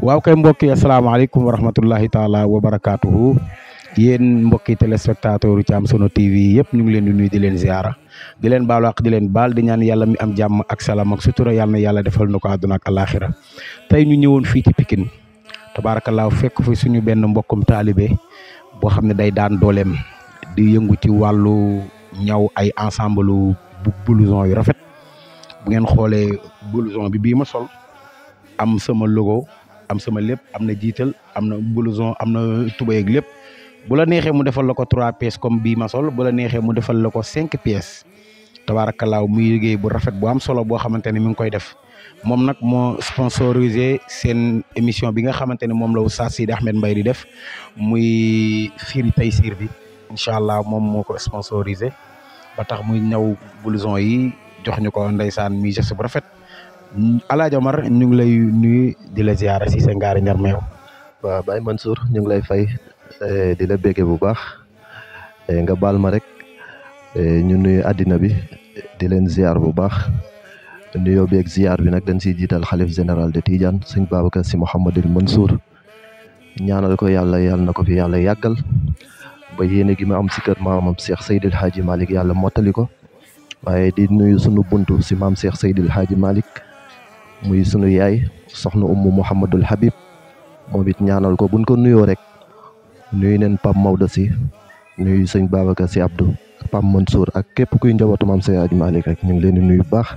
waaw kay mbokk yi asalaamaaleykum wa rahmatullahi taala wa barakaatuhu yéen mbokki téléspectateur yu Thiam Sono TV yëpp ñu ngi leen di nuyu di leen ziara di leen baalu ak di leen baal di ñaan yàlla mi am jàmm ak salaam ak sutura yal na yàlla defal nu ko àdduna ak alaaxira tey ñu ñëwoon fii ci Pikine tabaarakallaa fekk fi suñu benn mbokkum taalibe boo xam ne day daan dooleem di yëngu ci wàllu ñaw ay ensemble blouson yu rafet bu ngeen xoolee blouson bi bii ma sol am sama logo. am sama lépp am na jiital am na blouson am na tubay ak lépp bu la neexee mu defal la ko trois pièces comme bii ma sol bu la neexee mu defal la ko cinq pièces tabaarakallaaw muy liggéey bu rafet bu am solo boo xamante ne mi ngi koy def moom nag moo sponsorisé seen émission bi nga xamante ne moom la Oustaz Sidi Ahmed Mbaye di def muy firi Taysiir bi incha allah moom moo ko sponsorisé ba tax muy ñaw blouson yi jox ñu ko ndeysaan muy geste bu rafet Alaaji Omar ñu ngi lay nuyu di la ziyaara si sa ngaari ñar meew waaw Baye ñu ngi lay fay eh, di la béggee bu baax eh, nga baal ma rek eh, ñu nuyu àddina bi di leen ziyaar bu baax nuyoo beeg ziyaar bi nag dañ siy jiital xalif général de tiijan Tidiane sëñ Babacar si Mouhamadul Mansour ñaanal ko yàlla yàlla na ko fi yàlla yàggal ba yéene gi ma am si kër maamam Cheikh Seydil Hadji Malick yàlla mottali ko waaye di nuyu sunu buntu si maam Cheikh Seydil Hadji Malick muy sunu yaay soxna ummu Mouhamadul Habib moom it ñaanal ko buñ ko nuyoo rek nuyu neen Pape Maodo si nuyu sëñ Babacar si Abdou Pape Mansour ak képp kuy njabootu maam Seydi Hadji Malick rek ñu ngi leen di nuyu bu baax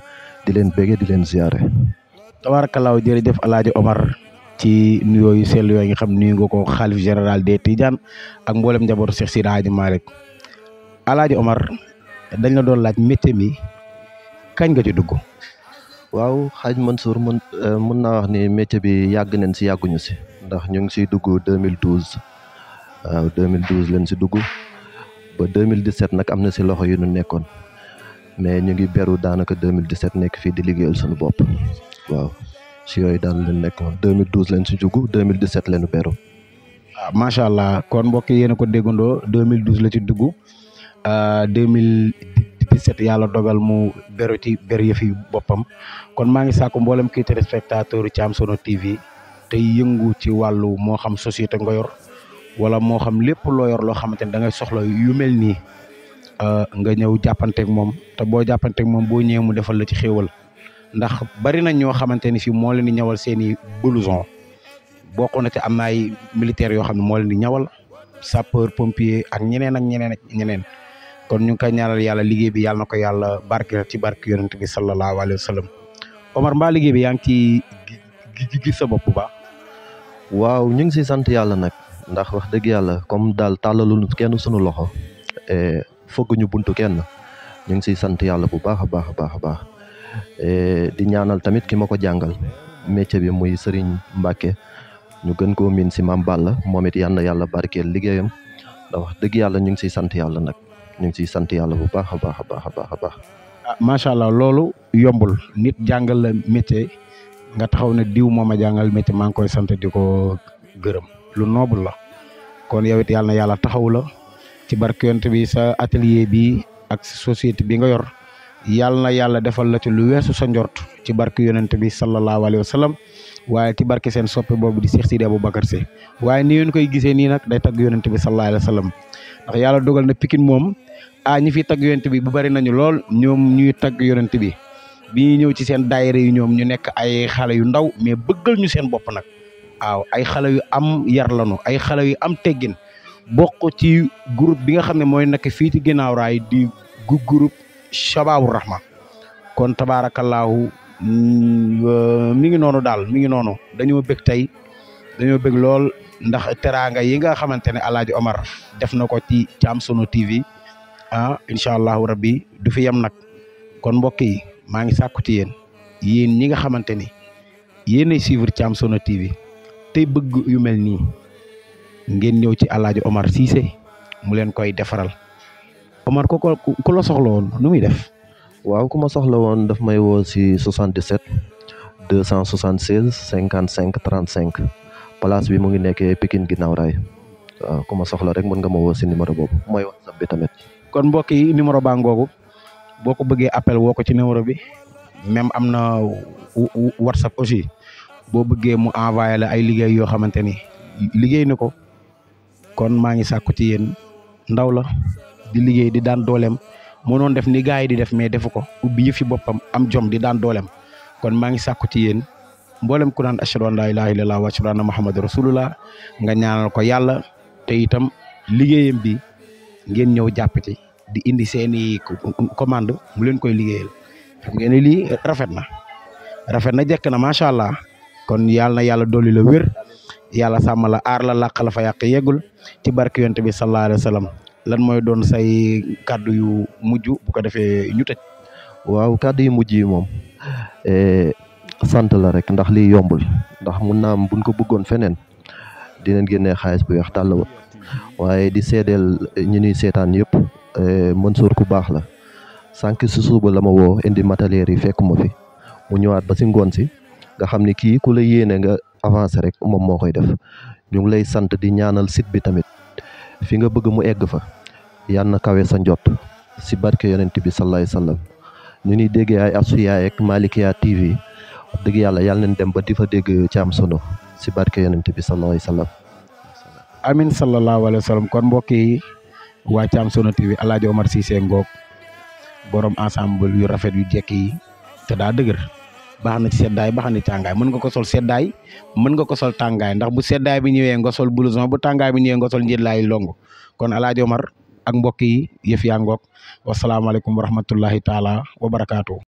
di leen bége di leen ziare. tabaarakalaaw jërëjëf El Hadj Omar ci nuyoo yu sell yooyu nga xam nuyu nga ko xaalif général des tiijan ak mboole njabootu Cheikh Seydi Hadji Malick Omar dañ la doon laaj métier mi kañ nga ci dugg. waaw xaaj Mansour mën euh, mën naa wax ni métier bi yàgg nañ si yàgguñu si ndax ñu ngi siy dugg 2012 waaw 2012 lañ si dugg ba 2017 nag am na si loxo yu ñu nekkoon mais ñu ngi beru daanaka 2017 nekk fii di liggéeyal suñu bopp waaw si yooyu daal lañ nekkoon 2012 lañ si dugg 2017 lañu beru. Ah, macha allah kon mbokk yéen a ko déggandoo 2012 la ci dugg 2000. Ah, 2017 yàlla dogal mu beru ci beru yëf boppam kon maa ngi sàkku mboolem kii téléspectateur Thiam Sono TV tey yëngu ci wàllu moo xam société nga yor wala moo xam lépp loo yor loo xamante ne da ngay soxla yu mel nii euh, nga ñëw jàppanteeg moom te boo jàppanteeg moom boo ñëwee mu defal la ci xéewal ndax bari na ñoo xamante ni si moo leen di ñawal seen i blouson bokk na ci am na ay militaires yoo xam ne moo leen di ñawal sapeur pompier ak ñeneen ak ñeneen ak ñeneen. kon ñu ngi koy ñaanal yàlla liggéey bi yàlla na ko yàlla barkeel ci barke yonent bi sallallahu alayhi wa sallam Omar mbaa liggéey bi yaa ngi ciy gis sa bopp bu baax. waaw ñu ngi si sant yàlla nag ndax wax dëgg yàlla comme daal tàllalul kenn sunu loxo e, fëgg ñu buntu kenn ñu ngi siy sant yàlla bu baax a baax a baax a baax e, di ñaanal tamit ki ma ko jàngal métier bi muy Serigne mbake ñu gën koo miin si maam la moom it yàlla na yàlla barkeel liggéeyam ndax wax dëgg yàlla ñu ngi siy sant yàlla nag. ñu ngi ciy sant yàlla bu baax a baax a baax a baax a baax. Ah, macha allah loolu yombul nit jàngal la métier nga taxaw ne diw moom a jàngal métier maa koy sant di ko gërëm lu noble la kon yow it yàlla na yàlla taxaw la ci barkeyonte bi sa atelier bi ak société bi nga yor yàlla na yàlla defal la ci lu weesu sa njort ci barke yonente bi sallallahu alayhi wa sallam waaye ci barke seen soppe boobu di Cheikh Sidi Aboubacar Sy waaye ni ngeen koy gisee nii nag day tagg yonente bi sa alayhi wa ndax yàlla dogal na Pikine moom ah ñi fiy tagg yonent bi bu bari nañu lool ñoom ñuy tagg yonent bi bi ñuy ñëw ci seen daayira yi ñoom ñu nekk ay xale yu ndaw mais bëggal ñu seen bopp nag waaw ay xale yu am yar lañu ay xale yu am teggin bokk ci groupe bi nga xam ne mooy nekk fi ci ginnaaw raay di gu groupe Shababu Rahma kon tabaarakallaahu mm, mi ngi noonu daal mi ngi noonu dañoo bëgg tey dañoo bëgg lool ndax teraanga yi nga xamante ne Alaaji Omar def na ko ci Thiam Sunu TV ah incha allahu rabbi du fi yem nag kon mbokk yi maa ngi sàkku ci yéen yéen nga xamante ni yéenay suivre Thiam Sunu TV tey bëgg yu mel nii ngeen ñëw ci Alaaji Omar Cissé mu leen koy defaral Omar ku ko ku la soxla woon nu muy def. waaw ku ma soxla woon daf may woo si 77 276 55 35. place bi mu ngi nekkee Pikine ginnaaw raay waaw ku ma soxla rek moon nga ma woo si numéro boobu mooy whatsapp bi tamit. kon mbokk yi numéro baa ngoogu boo ko bëggee appel woo ko ci numéro bi même am na whatsapp aussi boo bëggee mu envoyé la ay liggéey yoo xamante ni liggéey na ko kon maa ngi sàkku ci yéen ndaw la di liggéey di daan dooleem moo doon def ni gars yi di def mais defu ko ubbi fi boppam am jom di daan dooleem kon maa ngi mboolem ku naan ashhadu an laa ilaaha illallah wa ashhadu anna muhammadu rasulullah nga ñaanal ko yàlla te itam liggéeyam bi ngeen ñëw jàpp di indi seeni commande mu leen koy liggéeyal ngeen ne lii rafet na rafet na jekk na macha allah kon yàlla na yàlla dolli la wér yàlla sàmm la aar la fa yàq yegul ci barke yonent bi sallallahu alayhi wa sallam lan mooy doon say kàddu yu mujj bu ko defee ñu tëj waaw kàddu yu mujj yi moom eh, sant la rek ndax li yombul ndax mun naam am buñ ko bëggoon feneen di dinañ génnee xaalis bu weex tàll wa waaye di seedeel ñi ñuy seetaan yëpp eh, Mansour ku baax la sànq si suuba la ma indi matériels yi fekk ma fi mu ñëwaat ba si si nga xam ni kii ku la yéene nga avancé rek moom moo koy def ñu ngi lay sant di ñaanal sit bi tamit fi nga bëgg mu egg fa yal na kawe sa njot si barke yonent bi sallallahu alayhi wa sallam ñu ñuy déggee ay Asfiyahi ak Malikia TV. dëgg yàlla yàlla nañ dem ba di fa dégg Thiam Sono si barke yonent bi sallallahu alayhi wa sallam amin sallallahu alayhi wa sallam kon mbokk yi waa Thiam Sono TV El Hadj Omar Cissé Ngok borom ensemble yu rafet yu jekk te daa dëgër baax na ci seddaay baax na tàngaay mën nga ko sol seddaay mën nga ko sol tàngaay ndax bu seddaay bi ñëwee nga sol blouson bu tàngaay bi ñëwee nga sol njëlaay longu kon a Hadj Omar ak mbokk yi yëf yaa ngoog wasalaamaaleykum wa rahmatullahi taala wa barakaatu.